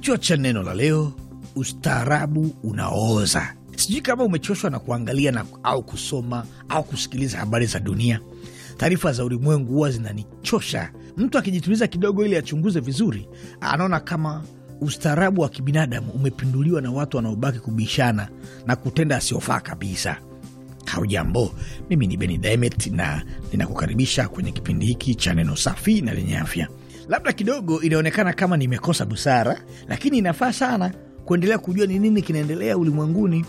Kichwa cha neno la leo: ustaarabu unaooza. Sijui kama umechoshwa na kuangalia na, au kusoma au kusikiliza habari za dunia. Taarifa za ulimwengu huwa zinanichosha. Mtu akijituliza kidogo ili achunguze vizuri, anaona kama ustaarabu wa kibinadamu umepinduliwa na watu wanaobaki kubishana na kutenda asiofaa kabisa. Haujambo, mimi ni Beni na ninakukaribisha kwenye kipindi hiki cha neno safi na lenye afya labda kidogo inaonekana kama nimekosa busara, lakini inafaa sana kuendelea kujua ni nini kinaendelea ulimwenguni.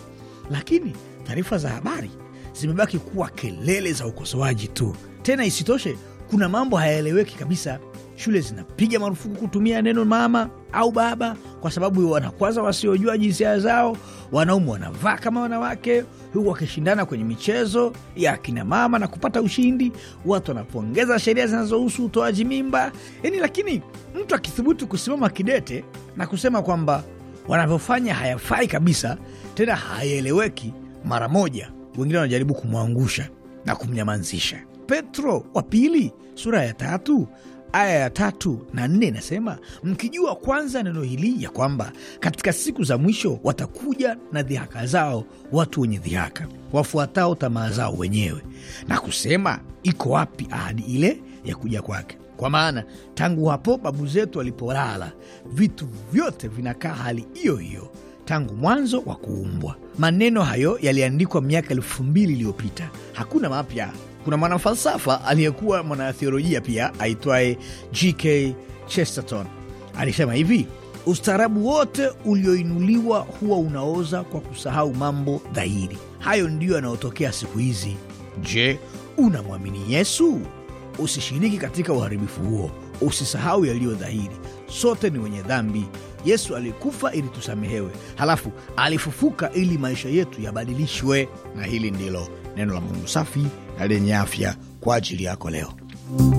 Lakini taarifa za habari zimebaki kuwa kelele za ukosoaji tu. Tena isitoshe, kuna mambo hayaeleweki kabisa. Shule zinapiga marufuku kutumia neno mama au baba kwa sababu wanakwaza wasiojua jinsia zao. Wanaume wanavaa kama wanawake, huku wakishindana kwenye michezo ya akinamama na kupata ushindi. Watu wanapongeza sheria zinazohusu utoaji mimba, yani. Lakini mtu akithubutu kusimama kidete na kusema kwamba wanavyofanya hayafai kabisa, tena hayaeleweki, mara moja wengine wanajaribu kumwangusha na kumnyamazisha. Petro wa Pili sura ya tatu aya ya tatu na nne inasema, mkijua kwanza neno hili ya kwamba katika siku za mwisho watakuja na dhihaka zao watu wenye dhihaka, wafuatao tamaa zao wenyewe, na kusema, iko wapi ahadi ile ya kuja kwake? Kwa maana tangu hapo babu zetu walipolala, vitu vyote vinakaa hali hiyo hiyo tangu mwanzo wa kuumbwa. Maneno hayo yaliandikwa miaka elfu mbili iliyopita, hakuna mapya. Kuna mwanafalsafa aliyekuwa mwanatheolojia pia aitwaye G.K. Chesterton alisema hivi: ustaarabu wote ulioinuliwa huwa unaoza kwa kusahau mambo dhahiri. Hayo ndiyo yanayotokea siku hizi. Je, unamwamini Yesu? usishiriki katika uharibifu huo, usisahau yaliyo dhahiri. Sote ni wenye dhambi. Yesu alikufa ili tusamehewe, halafu alifufuka ili maisha yetu yabadilishwe. Na hili ndilo neno la Mungu safi na lenye afya kwa ajili yako leo.